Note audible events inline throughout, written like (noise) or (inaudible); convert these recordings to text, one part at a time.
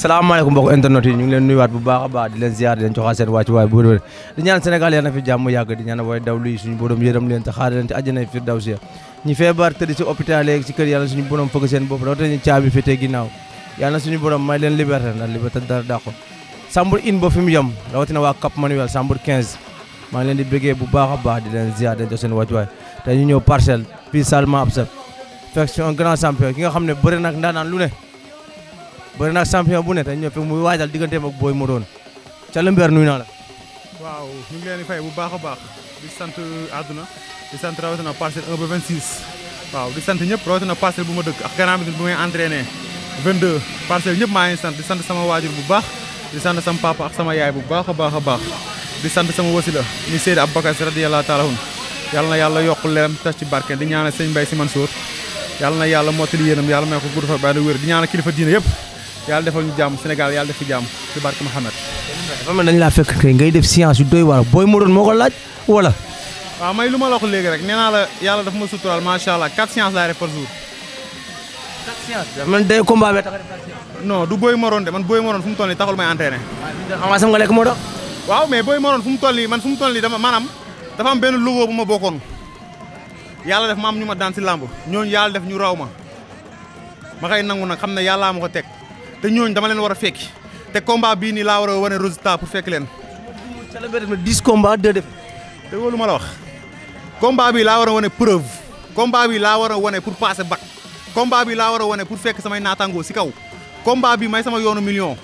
salaamaaleykum mbokk internet yi ñu ngi leen nuyuwaat bu baax a baax di leen ziar di leen joxaat seen wàccu waay bu wér di ñaan Sénégal yal na fi jàmm yàgg di ñaan waaye daw luy suñu borom yërëm leen te xaar leen ci àjjana firdawsi ñi feebar tëdd ci hôpital yeeg ci kër yàlla suñu borom fëgg seen bopp dawata ñu caabi féetee ginnaaw yàlla suñu borom may leen liberté ndax liberté dara dàqo Sambour in ba fi rawatina waa Cap Manuel Sambour bu baax a baax di leen ziar di leen jox nga xam ne bëri nag ndaanaan bëri naa champion bu ne te ñëw fi muy waajal digganteem ak booy mu doon Thialy Mber nuyu naa la. waaw ñu ngi leen di bu baax a baax di sant àdduna di sant rawatina parcelle 1 ba 26. waaw di sant ñëpp rawatina parcelle bu ma dëkk ak gannaaw bi bu may entraîné 22 parcelle maa ngi sant di sant sama waajur bu baax di sant sama papa ak sama yaay bu baax a baax a baax di sant sama wasila mi Seydi Aboubacar Si radiyallahu taala anhu yàlla na yàlla yokk leeram tas ci barke di ñaanal sëñ Mbaye Sy Mansour yàlla na yàlla mottali yéenam yàlla may yàlla defal ñu jàmm Sénégal yàlla def fi jàmm ci barke Mouhamed. dafa mel dañ laa fekk ngay def science yu doy waar booy Morone moo ko laaj wala. waaw may lu ma la wax léegi rek nee naa la yàlla dafa ma suturaal macha allah quatre sciences laay def par ma quatre sciences la man day du booy Morone de man booy Morone fu mu toll nii taxul may entraîné. waaw xam nga lekk moo tax. waaw mais booy Morone fu mu toll nii man fu mu toll nii dama maanaam dafa am benn logo bu ma bokkoon yàlla def ma ñu ma daan si làmb ñooñu yàlla def ñu raw ma ma koy nangu nag xam ne yàllaa ma ko teg te ñooñu dama leen war a fekki te combat bii nii laa war a wane résultat pour fekk leen. célébrer na 10 combats 2 défaites. te loolu ma la wax. combat bi laa war a wane preuve. komba bi laa war a wane pour passer bac. komba bi laa war a wane pour fekk samay naataangoo si kaw. combat bi may sama yoonu million.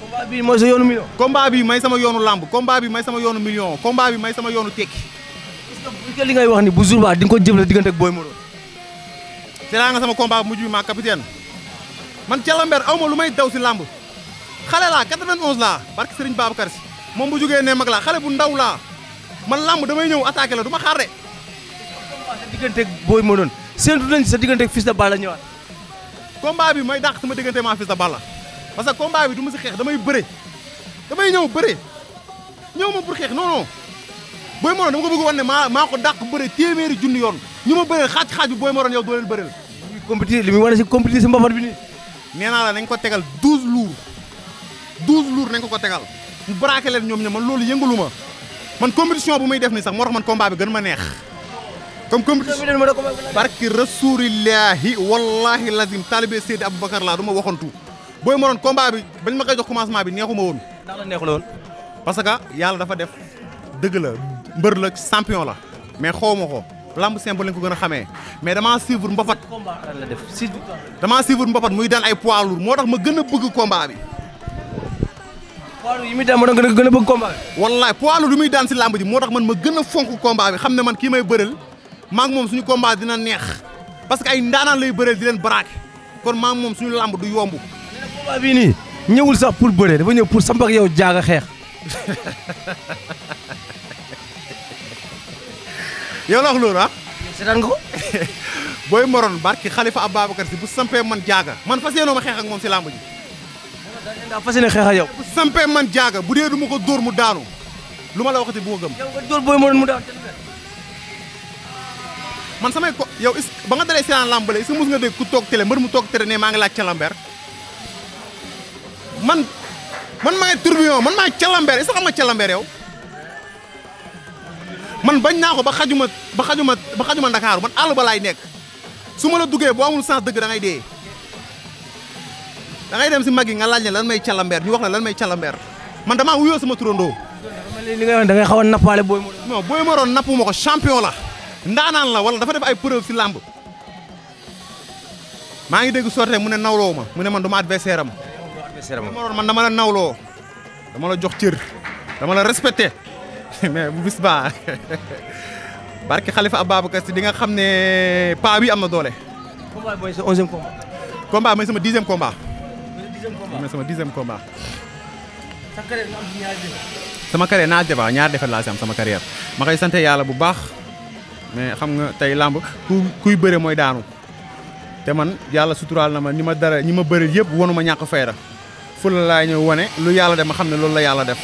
combat bi mooy sa yoonu million. bi may sama yoonu làmb combat bi may sama yoonu million combat bi may sama yoonu tekki. est-ce que li ngay wax ni bu jour ba di nga ko jëfandikoo diggante ak Boy Maroon. c'est nga sama combat mujj bi maa man Calamber aw ma lu may daw si làmb xale laa 91 laa barki Serigne Babacar si moom bu jógee ne mag xale bu ndaw laa man làmb damay ñëw attaqué la du ma xaar de. sa digganteeg booy ma doon séntu nañ sa digganteeg Fils de Balla ñëwaat. combat bi may dàq sama diggante maa Fils de Balla parce que combat bi du ma si xeex damay bëre damay ñëw bëre ñëw ma pour xeex non non booy ma doon dama ko bëgg maa maa ko dàq bëre téeméeri junni yoon ñu ma bëreel xaaj xaaj booy ma doon yow dooleel bëreel. li muy compétir li bi nii. nee naa la ko tegal douze lourds douze lourds nañ ko ko tegal mu braqué leen ñoom ñoom man loolu yëngalu ma man compétition bu muy def ni sax moo man combat bi gën ma neex. comme compétition barki rasulillahi wallahi lazim taalibe Seydi Aboubacar laa du ma waxantu booy ma doon bañ ma koy jox commencement bi neexuma woon. ndax la neexul parce que yàlla dafa def dëgg la mbër la champion la mais xaw ma ko. lamb simple lañ ko gën a xamee mais damaa suivre mbapat. combat la def si. damaa suivre mbapat muy daan ay poids moo tax ma gën a bëgg combat bi. poids lourd yi muy daan gën a gën a bëgg combat bi. muy daan si lamb ji moo tax man ma gën a fonk combat bi xam ne man kii may bëreel maa ngi moom suñu combat dina neex parce que ay ndaanaan lay bëreel di leen braqué kon maa ngi moom suñu lamb du yomb. combat bii ñëwul sax pour bëree dafa ñëw pour samp ak yow jaaga xeex. (laughs) yow la wax loolu ah. seetaan nga ko. (laughs) booy moroon barki Khalifa Ababacar si bu sampee man jaaga man fas yéenoo ma xeex moom si làmb fas yéene xeex yow. bu sampee man jaaga bu dee duma ko dóor mu daanu lu ma la waxati bu ko gëm. yow nga booy moroon mu daanu man ko yow is ba nga dalee seetaan làmb la est nga dégg ku toog télé mbër mu toog télé ne maa ngi laa calambeer man man maa ngi tourbillon man maa ngi calambeer est-ce que xam nga calambeer yow. man bañ naa ko ba xajuma ba xajuma ba xajuma Ndakaaru man àll ba laay nekk su ma la duggee boo amul sens dëgg da ngay dee da dem si mag yi nga laaj ne lan may calambeer ñu wax la lan may calambeer man damaa wuyoo sama turandoo. li nga wax da ngay xaw a booy Mor. non booy Moroon nappu ma ko champion la ndaanaan la wala dafa def ay preuve si làmb maa ngi dégg sorte mu ne nawloo ma mu ne man duma adversaire am. adversaire am man dama la nawloo dama la jox cër dama la respecté. (laughs) mais bu bis ba xalifa (laughs) Khalifa Ababacar Sy di nga xam ne paa bi am na doole. combat mooy sa onzième combat. combat mooy sama dixième combat. mooy sama dixième combat. sa carrière nga am ñaari défaite. sama carrière naa débat ñaari défaite laa si am sama carrière ma sant yàlla bu baax mais xam nga tey làmb ku kuy bëre mooy daanu te man yàlla suturaal na ma ni ma dara ñi ma bëri yëpp wanu ma ñàkk fayda fu la laay ñëw wone lu yàlla def ma xam ne loolu la yàlla def.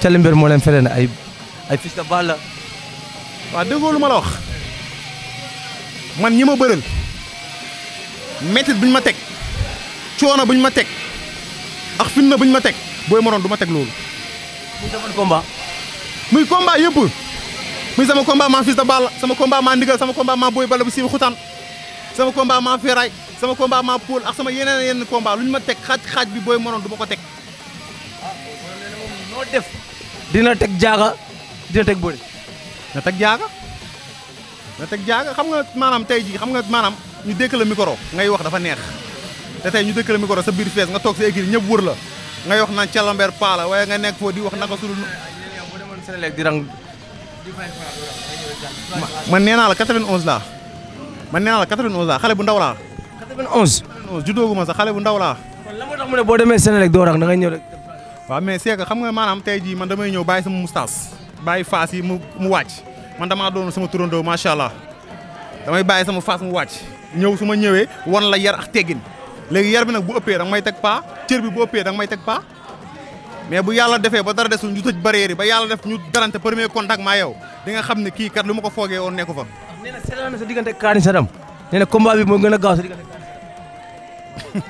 Cali Mbër moo leen feree ne ay ay Fils de Balla. waaw déggoo lu ma la wax man ñi ma bëral métit buñ ma teg coono buñ ma teg ak fitna buñ ma teg booy moroon du ma teg loolu. muy sama combat. muy combat yëpp muy sama combat maa Fils de Balla sama combat maa ndigal sama combat maa Boy Balla bu siiw xutaan sama combat maa Feeraay sama combat maa Poul ak sama yeneen yenn combat ñu ma teg xaaj xaaj bi booy moroon du ma ko teg. moo def dina teg jaaga dina teg bëri. na teg jaaga na teg jaaga xam nga maanaam tey jii xam nga maanaam ñu dëkk la micro ngay wax dafa neex te tey ñu dëkk la micro sa biir fees nga toog sa équipe ñëpp wër la ngay wax naan calambeer paa la waaye nga nekk foo di wax naka su dul. di rang. man nee naa la 91 laa man nee naa la 91 laa xale bu ndaw laa. 91. 91 juddooguma sax xale bu ndaw laa. la moo tax mu waaw mais c'est xam nga maanaam tey jii man damay ñëw bàyyi sama moustache bàyyi faas yi mu mu wàcc man damaa doon sama turandoo macha allah damay bàyyi sama faas mu wàcc ñëw su ma ñëwee wan la yar ak teggin léegi yar bi nag bu ëppee danga may teg paa cër bi bu ëppee danga may teg paa mais bu yàlla defee ba dara desul ñu tëj barrière yi ba yàlla def ñu garante premier contact maa yow di nga xam ne kii kat lu ma ko foogee woon nekku fa. nee na seetaan na sa diggante Kaani Sadam nee na combat bi moo gën a gaaw sa diggante. (laughs)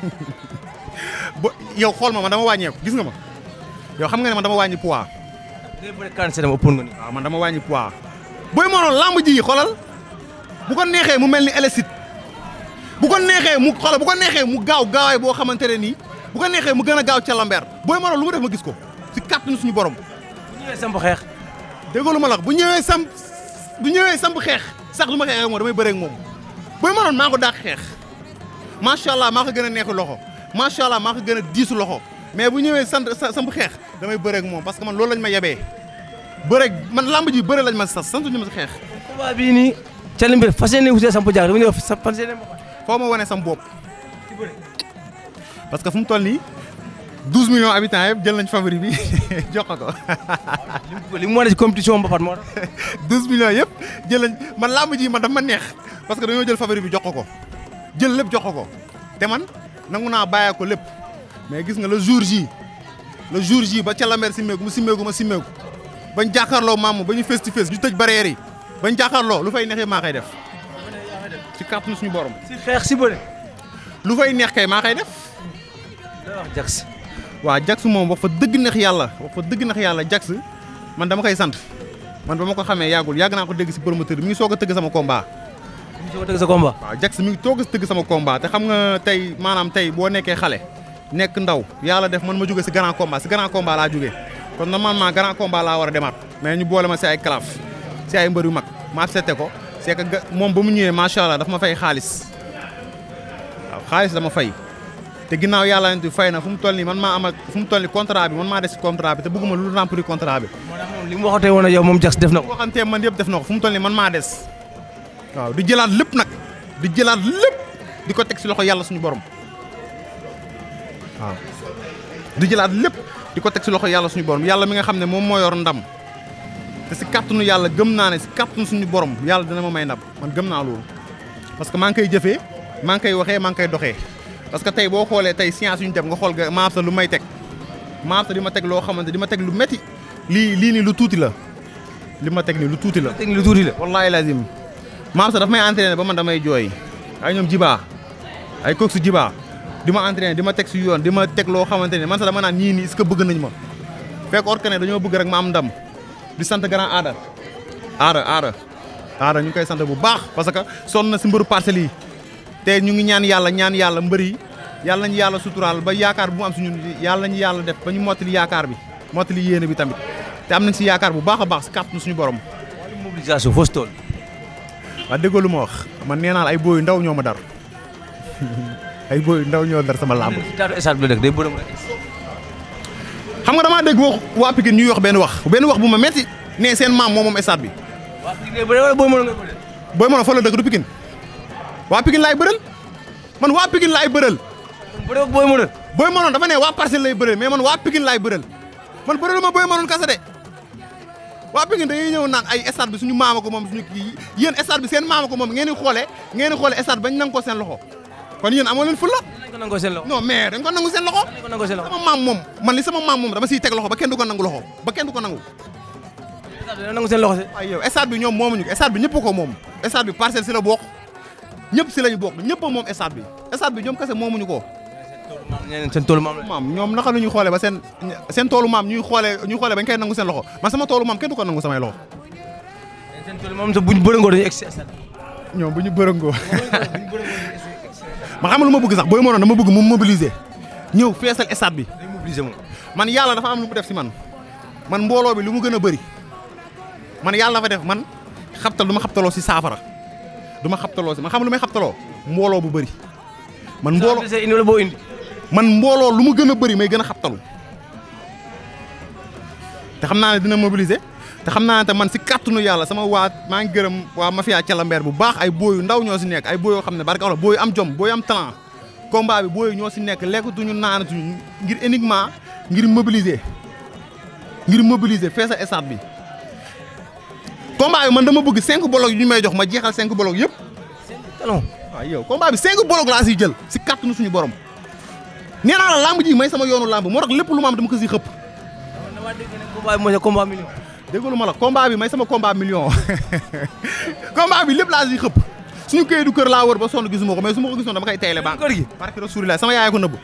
ba yow xool ma ma wàññeeku gis nga ma. yow xam nga ne ma dama wàññi poids. léegi bu dee 47 dama ëppoon nga ni. waaw ah, man ji xoolal bu ko neexee mu mel ni élastique bu ko neexee mu xoolal bu ko neexee mu gaaw gaawaay boo xamante ne nii bu ko neexee mu gën a gaaw ca lambeer booy mënoon lu mu def ma gis ko si kàttanu suñu borom. bu ñëwee samp xeex. déggalu ma la bu ñëwee sam bu ñëwee samp xeex sax lu ma xeexee moom damay bëree ak moom booy mënoon maa ko dàq xeex macha allah maa ko gën a neexu loxo macha maa ko gën a diisu loxo mais bu ñëwee sant samp xeex damay bëreeg moom parce que man loolu lañ ma yebee bëreeg man lamb ji bëre lañ ma sas sant ñu ma si xeex. combat bii nii. Calimbe fas yéene wutee samp jaar dama ñëw fas yéene ma foo ma wane sam bopp. parce que fu mu toll nii 12 million habitants yëpp jël nañ favori bi (laughs) jox ko ko. li mu wane si compétition Mbapat moo tax. 12 (laughs) yëpp jël nañ man lamb ji man dafa ma neex parce que dañoo jël favori bi jox ko jël lépp jox ko ko te man nangu naa bàyyee ko lépp. mais gis nga le jour J le jour J ba Calamère simmeeku mu simmeeku ma simmeeku bañ jàkkaarloo maamu ba ñu fees to face ñu tëj barrière yi bañ jàkkaarloo lu fay neexee maa koy def. ci kàttanu suñu borom. si xeex si bëre. lu fay neex kay maa koy def. wax waa waaw Jax moom wax fa dëgg neex yàlla wax fa dëgg neex yàlla Jax man dama koy sant man ba ma ko xamee yàggul yàgg naa ko dégg si promoteur mi ngi soog a tëgg sama combat. mi ngi soog a tëgg mi ngi soog a tëgg sama combat xam nga tey maanaam tey boo nekkee xale. nekk ndaw yàlla def man ma jóge si grand combat si grand combat laa jógee kon normalement grand combat laa war a demaat mais ñu boole ma si ay calaf si ay mbër yu mag ma accepté ko c'est ga moom ba mu ñëwee macha allah daf ma fay xaalis waaw xaalis dama fay te ginnaaw yàlla nañu fay na fu mu toll nii man maa am fu mu tolli nii bi man maa des si contrat bi te bëgguma lu remplir contrat bi. li mu waxatee woon ak yow moom Jax def na ko. waxantee man yëpp def na ko fu mu toll nii man waaw di jëlaat lépp nag di jëlaat di ko teg si loxo yàlla borom. waaw di jëlaat lépp di ko teg si loxo yàlla suñu borom yàlla mi nga xam ne moom moo yor ndam te si kàttanu yàlla gëm naa ne si kàttanu suñu borom yàlla dina ma may ndam man gëm naa loolu. parce que maa ngi koy jëfee maa ngi koy waxee maa ngi koy doxee parce que tey boo xoolee tey science yu ñu dem nga xool ga maam sa lu may teg maam sa di ma teg loo xamante di ma teg lu metti lii lii nii lu tuuti la li ma teg nii lu tuuti la. teg nii lu tuuti la wallaahi lazim maam sa daf may entraîné ba man damay jooy ay ñoom jibaa ay cox jibaa di ma entraîner di ma teg si yoon di ma teg loo ne man sax dama naan ñii nii est-ce que bëgg nañ ma fekk or dañoo bëgg rek ma am ndam di sant grand aada aada aada aada ñu ngi koy sant bu baax parce que sonn na si mbëru parcelles yi te ñu ngi ñaan yàlla ñaan yàlla mbër yi yàlla nañu yàlla suturaal ba yaakaar bu mu am si ñun yàlla nañu yàlla def ba ñu mottali yaakaar bi mottali yéene bi tamit te am nañ si yaakaar bu baax a baax si kàttanu suñu borom. mobilisation fausse tool. waa déggoo lu ma wax man nee naa ay booy ndaw ñoo ma dar. (laughs) ay booy ndaw ñoo dar sama làmb. xam nga damaa dégg wax waa Pikine ñuy wax benn wax benn wax bu ma metti ne seen maam moom moom stade bi. waa Pikine wala booy mënoon nga bëri. booy mënoon fa la dëkk du Pikine waa Pikine laay bëral man waa Pikine laay bëral. bëree booy mënoon. booy mënoon dafa ne waa parcelle lay bëral mais man waa Pikine laay bëral man bëralu ma booy mënoon kasa de waa Pikine dañuy ñëw naan ay stade bi suñu maama ko moom suñu kii yéen stade bi seen maama ko moom ngeen di xoolee ngeen di xoolee stade bañ nang ko seen loxo. kon yéen amoo leen fulla non mais dañ ko nangu seen loxo sama maam moom man li sama maam moom dama siy teg loxo ba kenn du ko nangu loxo ba kenn du nangu ñëpp ko moom a moom stade bi stade bi ñoom kese moomuñu ko seen ñoom naka lu ñuy xoolee ba seen seen toolu maam ñuy xoolee ñuy xoolee bañ koy nangu seen loxo man sama toolu maam kenn du ko nangu samay loxo ñu bërëngoo (laughs) ma xam lu ma bëgg sax booy moroon dama bëgg mu mobiliser ñëw feesal stade bi day mobiliser moom man yàlla dafa am lu mu def si man man mbooloo bi lu mu gën a bëri man yàlla dafa def man xabtal du ma xabtaloo si saafara du ma xabtaloo si man xam lu may xabtaloo mbooloo bu bëri man mbooloo man mbooloo lu mu gën a bëri may gën a xabtalu te xam naa ne dina mobiliser xam naa te man si kàttanu yàlla sama waat maa ngi gërëm waa mafia calambeer bu baax ay booyu ndaw ñoo si nekk ay booyoo xam ne barka wala booyu am jom booyu am talent combat bi ñoo si nekk lekkatuñu naanatuñu ngir uniquement ngir mobiliser ngir mobiliser fees a bi combat bi man dama bëgg cinq bolok yu ñu may jox ma jeexal cinq bolok yëpp talon waaw yow combat bi cinq bolok laa siy jël si kàttanu suñu borom nee la lamb ji may sama yoonu làmb moo tax lépp lu ma am dama ko siy xëpp combat bi mooy de déggalu ma la combat bi may sama combat million (laughs) combat bi lépp laa si xëpp suñu këyi du kër laa wër ba sonn gisuma ko mais su ma ko gisoon dama koy teyle baa kër gi barke Rasuul la sama yaay ko nëbb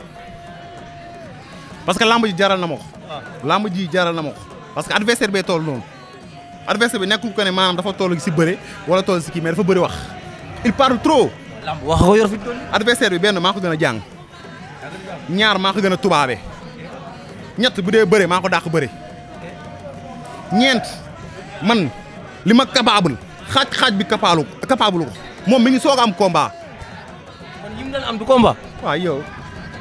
parce que lamb ji jaral na ma ko ah. lamb ji jaral na ma parce que adversaire bee tool noonu adversaire bi nekkul ko ne maanaam dafa toll si bëre wala tool si kii mais dafa bëri wax il par tro lamb wax ko yor benn maa ko gën a jàng maa ko gën a tubaabe ñett bu dee bëre ko dàq bëre ñeent man li ma capable xaaj xaaj bi capable capable ko moom mi ngi soog am combat. kon yi mu am du combat. waaw yow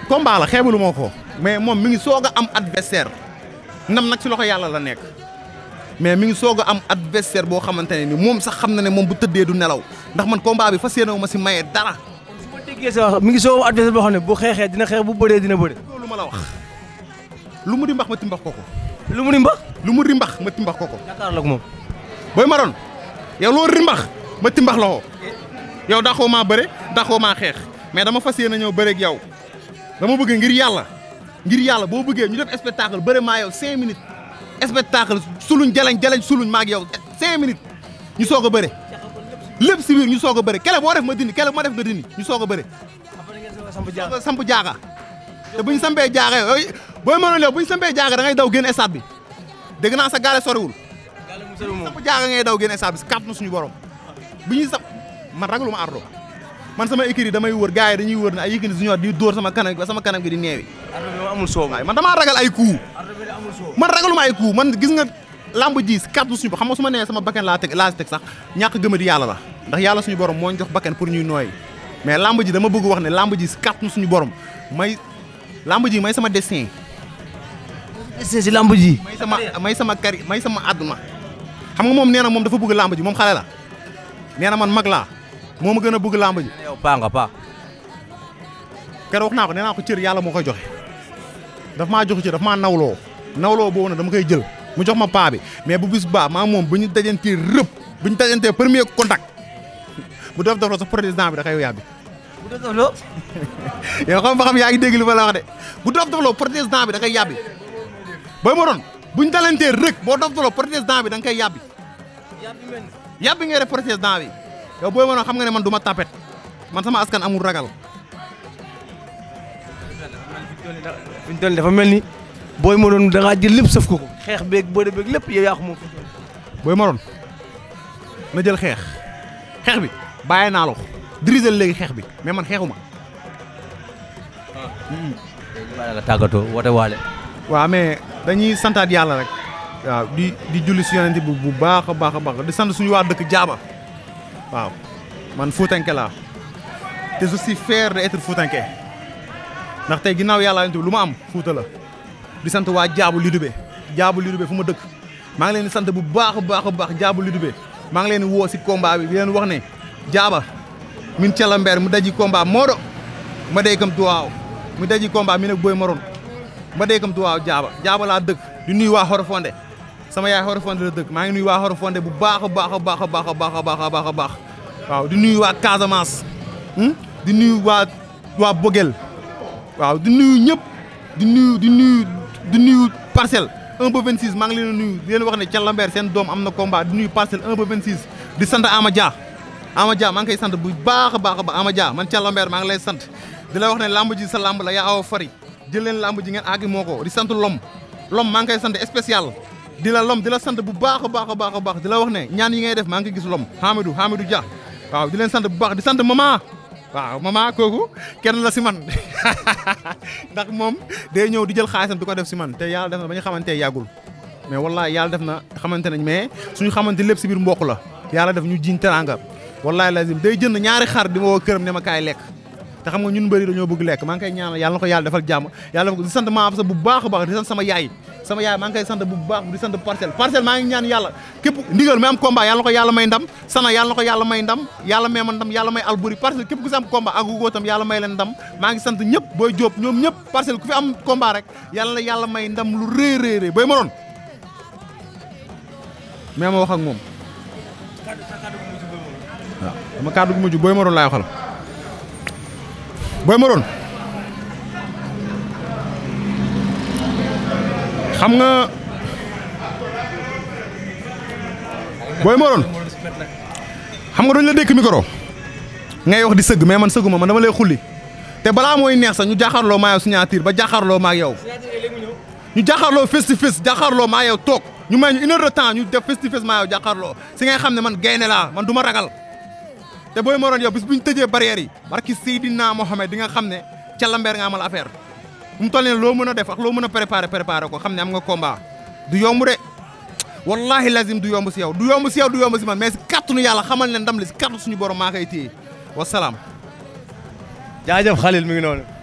combat la xeebalu ko. mais moom mi ngi soog a am adversaire nam nag si loxo yàlla la nekk mais mi ngi soog a am adversaire boo xamante ne ni moom sax xam na ne moom bu tëddee du nelaw ndax man combat bi fas yéene wu ma si maye dara. ma déggee sa wax mi ngi soog a am boo xam ne bu xeexee dina xeex bu bëree dina bëri. loolu ma la wax lu mu di mbax ma ti mbax ko ko. lu mu rimbax ma timbax ko ko. jàkkaarloo ak moom. booy maroon yow loo rimbax ma timbax la ko yow daxoo maa bëre daxoo maa xeex mais dama fas yéene ñëw bëreeg yow dama bëgg ngir yàlla ngir yàlla boo bëggee ñu def spectacle bëre maa yow cinq minutes spectacle suluñ jalañ jalañ suluñ maa ak yow cinq minutes ñu soog a bëre lépp si ñu soog a bëre kele boo def ma dindi kele bu ma def nga dindi ñu soog a bëre. samp jaaga te buñ sampee jaaga boo ma mënoon yow buñ sampee jaaga da ngay daw génn stade bi. dégg naa sa gaale soriwul. gaale moom sax jaaga ngay daw génne saabu si kàttan suñu borom. bu ñuy sax man ragaluma ardo man sama écrit damay wër gars yi dañuy wër ne ay Yékini Junior di door sama kanam ba sama kanam gi di neewi. ardo bi amul soow waaye man damaa ragal ay coups. ardo bi amul soow man ragaluma ay coups man gis nga lamb jii si kàttan suñu borom xam nga su ma nee sama bakken laa teg laa teg sax ñàkk gëmadi yàlla la ndax yàlla suñu borom moo jox bakkan pour ñuy nooy mais làmb ji dama bëgg wax ne lamb ji si kàttan suñu borom may lamb ji may sama destin resté si lamb ji. may sama may sama kari may sama àdduna. xam moom nee na moom dafa bëgg lamb ji moom xale la nee na man mag laa moo ma gën a bëgg lamb ji. yow nga paa. naa ko nee naa ko cër yàlla moo koy joxe daf maa jox cër daf maa nawloo nawloo boobu nag dama koy jël mu jox ma paa bi mais bu bis baa maa moom bu ñu dajantee rëb bu ñu dajantee premier contact bu dof dof la sa président bi da koy yàbbi. bu dof dof la (laughs) xam nga xam yaa ngi dégg li ma la wax de bu dof dof la président bi da koy yàbbi. booy ma doon buñ talantee rek boo doftuloo président bi da nga koy yàbbi yàbbi ngay def président bi yow booy ma doon xam nga ne man du ma tapet man sama askan amul ragal fiñ toll dafa mel ni booy ma doon da jël lépp sëf ko ko xeex beeg bëre beeg lépp yow yaa ko moom booy ma doon na jël xeex xeex bi bàyyi naa la dirisé léegi xeex bi mais man xeexuma waaw ah. la tàggatoo woote waale dañuy santaat yàlla rek waaw di di julli si yonent bu baax a baax a baax di sant suñu waa dëkk jaaba waaw man Foutanké laa te je suis fier d'être Foutanké ndax tey ginnaaw yàlla yonent bi lu ma am Fouta la di sant waa jaabu Lidube jaabu Lidube fu ma dëkk maa ngi leen sant bu baax a baax baax jaabu Lidube maa ngi leen woo si combat bi di leen wax ne jaaba min calambeer mu daji combat moo do ma day kam duwaaw mu daji combat mi ne boy maroon ba déykam waaw jaaba jaaba laa dëkk di nuyu waa Xorofonde sama yaay Xorofonde la dëkk maa ngi nuyu waa Xorofonde bu baax baax a baax a baax baax a baax a waaw di nuyu waa Casamance hmm? di nuyu waa waa Bogel waaw di nuyu ñëpp di nuyu di nuyu di nuyu parcelle 1 ba 26 maa ngi leen a nuyu di leen wax ne Thiel seen doom am na combat di nuyu parcelle 1 ba 26 di sant Ama Dia Ama Dia maa ngi koy sant bu baax a baax a baax Ama Dia man Thiel Lambert maa ngi lay sant di wax ne lamb ji sa lamb la yaa aw jël leen làmb ji ngeen àgg moo ko di sant lom lom maa ngi koy sant spécial di la lom di la sant bu baax a baax a baax baax di la wax ne ñaan yi ngay def maa ngi gis lom Hamidou Hamidou Dia waaw di leen sant bu baax di sant maman waaw maman kooku kenn la si man (laughs) ndax moom day ñëw di jël xaalisam di ko def si man te yàlla def na ba ñu xamante yàggul mais wallahi yàlla def na xamante nañ mais ñu xamante lépp si biir mbokk la yàlla def ñu jiñ teranga wallahi lazim day jënd ñaari xar di ma woo këram ne ma kaay lekk te xam nga ñun bëri dañoo bëgg lekk maa ngi koy ñaanal yàlla na ko yàlla defal jàmm yàlla defal ko di sant maa am sa bu baax a baax di sant sama yaay sama yaay maa ngi koy sant bu baax di sant parcelle parcelle maa ngi ñaan yàlla képp ndigal mi am combat yàlla na ko yàlla may ndam sana yàlla na ko yàlla may ndam yàlla may ma ndam yàlla may alburi parcelle képp ku si am combat ak gugoo tam yàlla may leen ndam maa ngi sant ñëpp booy jóob ñoom ñëpp parcelle am combat yàlla na yàlla may ndam lu rëy rëy rëy booy ma doon mais ma wax ak moom waaw sama booy ma doon booy Maroon xam nga Boy Maroon xam nga duñ la dékk micro ngay wax di sëgg mais man sëgguma man dama lay xulli te balaa mooy neex sax ñu jaxarloo maa yow signature ba jaaxaarloo maa yow ñu jaaxaarloo face to face jaaxaarloo maa yow toog ñu may ñu une heure de ñu def face to face maa yow jaaxaarloo si ngay xam ne man gaynde laa man du ma ragal. te booy moroon yow bis bu ñu tëjee barrières yi barki Seydina Mohamed di nga xam ne ca Lambert nga amal affaire bu mu toll ne loo mën a def ak loo mën a préparer préparer ko xam ne am nga combat du yomb de wallahi lazim du yomb si yow du yomb si yow du yomb si man mais si kàttanu yàlla xamal ne ndam li si kàttu suñu borom maa koy téye wasalaam. jaajëf Khalil mi ngi noonu.